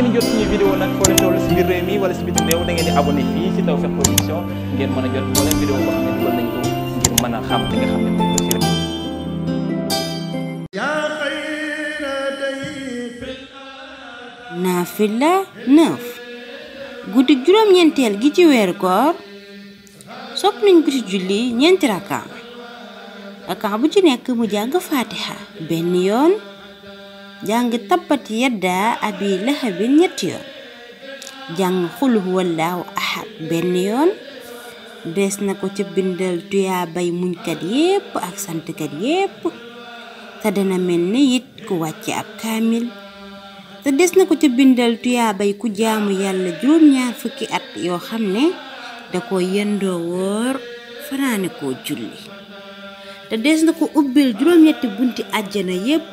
ngeen jot suñu vidéo nag foo leen toll si biir réew mi a a xam li nga xam la rek. naafila juróom-ñeenteel gi ci weeru koor sopp nañ ko ci julli ñeenti rakka rakka bu ci nekk mu jàng faatiha benn yoon. jàng tabbat yaddaa abi lahabin ñetti yoon jàng xul huwallaahu ahad benn yoon dees na ko ca bindal tuyaabay muñkat yépp ak santkat yépp te dina mel ni it ku wàcce ab kaamil te des na ko ca bindal tuyaabay ku jaamu yàlla juróom-ñaar fukki at yoo xam ne da ko yendoo woor fanaane koo julli te des na ko ubbil juróom-ñetti bunti àjjana yépp